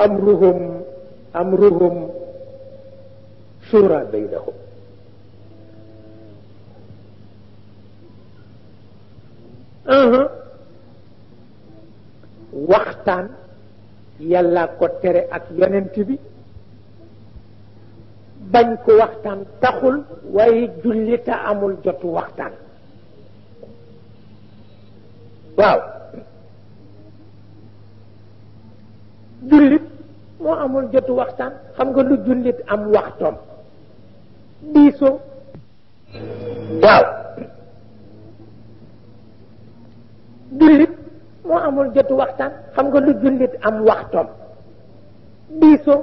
أمرهم أمرهم شورى بينهم أها waxtaan yàlla ko tere ak yonent bi bañ ko waxtaan taxul waaye jullita amul jotu waxtaan waaw jullit moo amul jotu waxtaan xam nga lu jullit am waxtoom diisoo waaw jullit moo amul jotu waxtaan xam nga lu jullit am waxtoom diisoo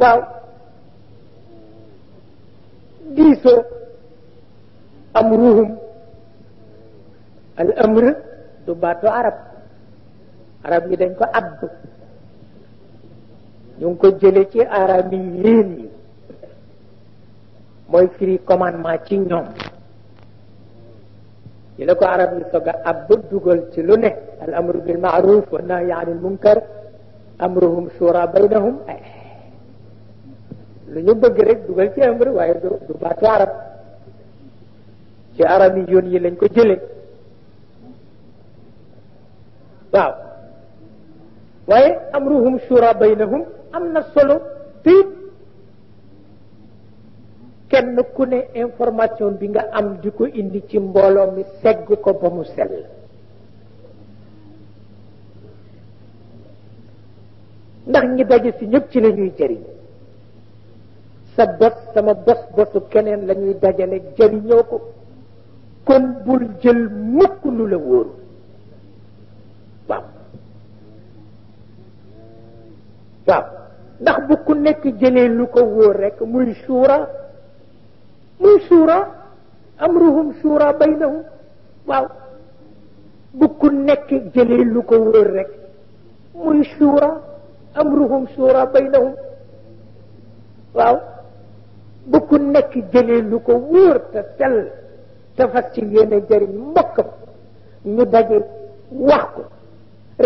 waaw diisoo am ruhum al amr du baatu arab arab yi dañ ko abdu ñu ngi ko jële ci arab yi yéen yi mooy firi commandement ci ñoom ci la ko arab yi soog a dugal ci lu ne al amru bil maaruf wa nahyi munkar amruhum shura baynahum lu ñu bëgg rek dugal ci amru waaye du baatu arab ci arab yi yoon lañ ko jële waaw waaye amruhum shura baynahum am na solo te kenn ku ne information bi nga am di ko indi ci mbooloo mi segg ko ba mu sell ndax ngi daje si ñëpp ci la ñuy jëriñ sa bos sama bos bosu keneen la dajale jëriñoo ko kon bul jël mukk lu la wóoru waaw ndax bu ku nekk jëlee lu ko wóor rek muy suura muy suura amruhum suura baynahum waaw bu ku nekk jëlee lu ko wóor rek muy suura amruhum suura baynahum waaw bu ku nekk jëlee lu ko wóor te sell te fas ci yéene jëriñ mbokkam ñu daje wax ko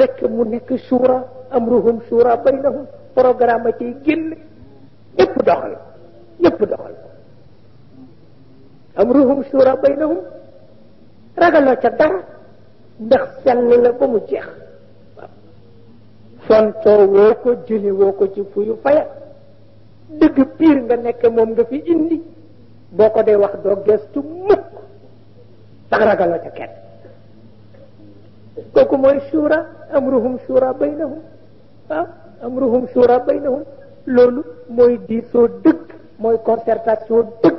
rek mu nekk suura amruhum shura baynahum programme ci génn ñëpp doxal ñëpp doxal amruhum shura baynahum ragaloo ca dara ndax sànni la ba mu jeex fontoo woo ko jëli ci fuyu faya dëgg pir nga nekk moom nga fi indi boo ko dee wax doo gestu mukk sax ragaloo ca kenn shura amruhum shura baynahum a amruhum shura baynahum loolu mooy diisoo dëgg mooy concertation dëgg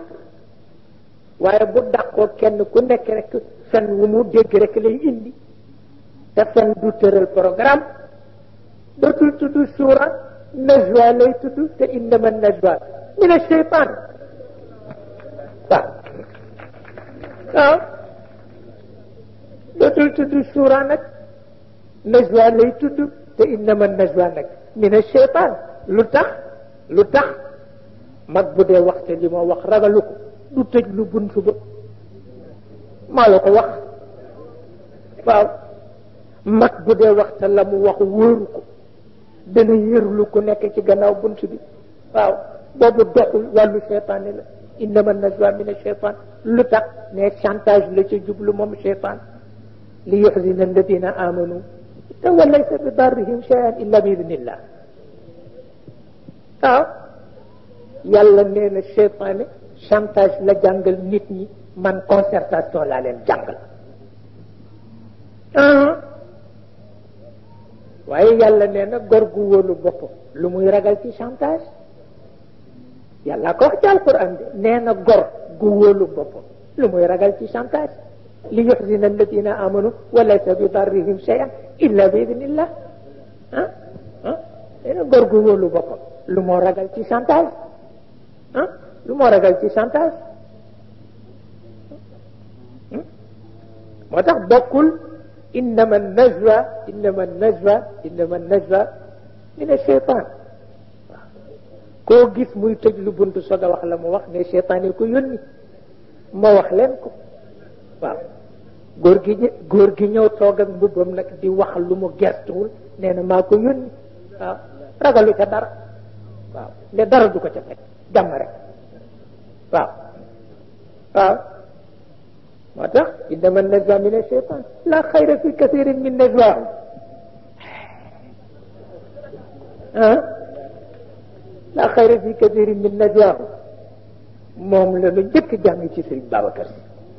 waaye bu dàqoo kenn ku nekk rek fen wu mu dégg rek lay indi te fen du tëral programme dootul tudd shura najwa lay tudd te innama najwa min ash-shaytan waaw waaw dootul tudd shura nag najwa lay tudd te innama najwa nag mina cheytaan lu tax lu tax mag bu dee waxte li ma wax ragalu ko du tëj lu buntu ba maa la ko wax waaw mag bu dee waxte la mu wax wóoru ko dana yërlu ku nekk ci gannaaw buntu bi waaw boobu doxul wàllu cheytaani la innama najwa mina cheytaan lu tax ne chantage la ca jublu moom cheytaan li yuxzina alladina amanu وليس بضارهم شيئا إلا بإذن الله waaw yàlla nee na seytaane chantage la jàngal nit ñi man concertation laa leen jàngal waaye yàlla nee na góor gu wóolu bopp lu muy ragal ci chantage yàlla ko wax ci alquran de nee na góor gu wóolu bopp lu muy ragal ci chantage li yuxzina alladina amanu wa laysa bi darrihim shay'an إلا بإذن الله ها ها إنا غرغو لو بقى لو ما راجل تي سانتاز ها لو ما راجل ها ما تخ بقول إنما النجوى إنما النجوى إنما النجوى من الشيطان كو جيس موي تجلو بنت صدا واخ لا ما واخ ني شيطان يكو يوني ما واخ لنكو واخ góor gi góor gi ñëw toog ak mbubbam nag di wax lu mu gestuwul nee na maa ko yónni waaw ragalu ca dara waaw ne dara du ko ca fekk jàmm rek waaw waaw moo tax innama najwa min ash-shaytan la xayra fi kathirin min najwaahum la xayra fi kathirin min najwaahum moom la nu njëkk jàng ci Sëriñ Babacar Si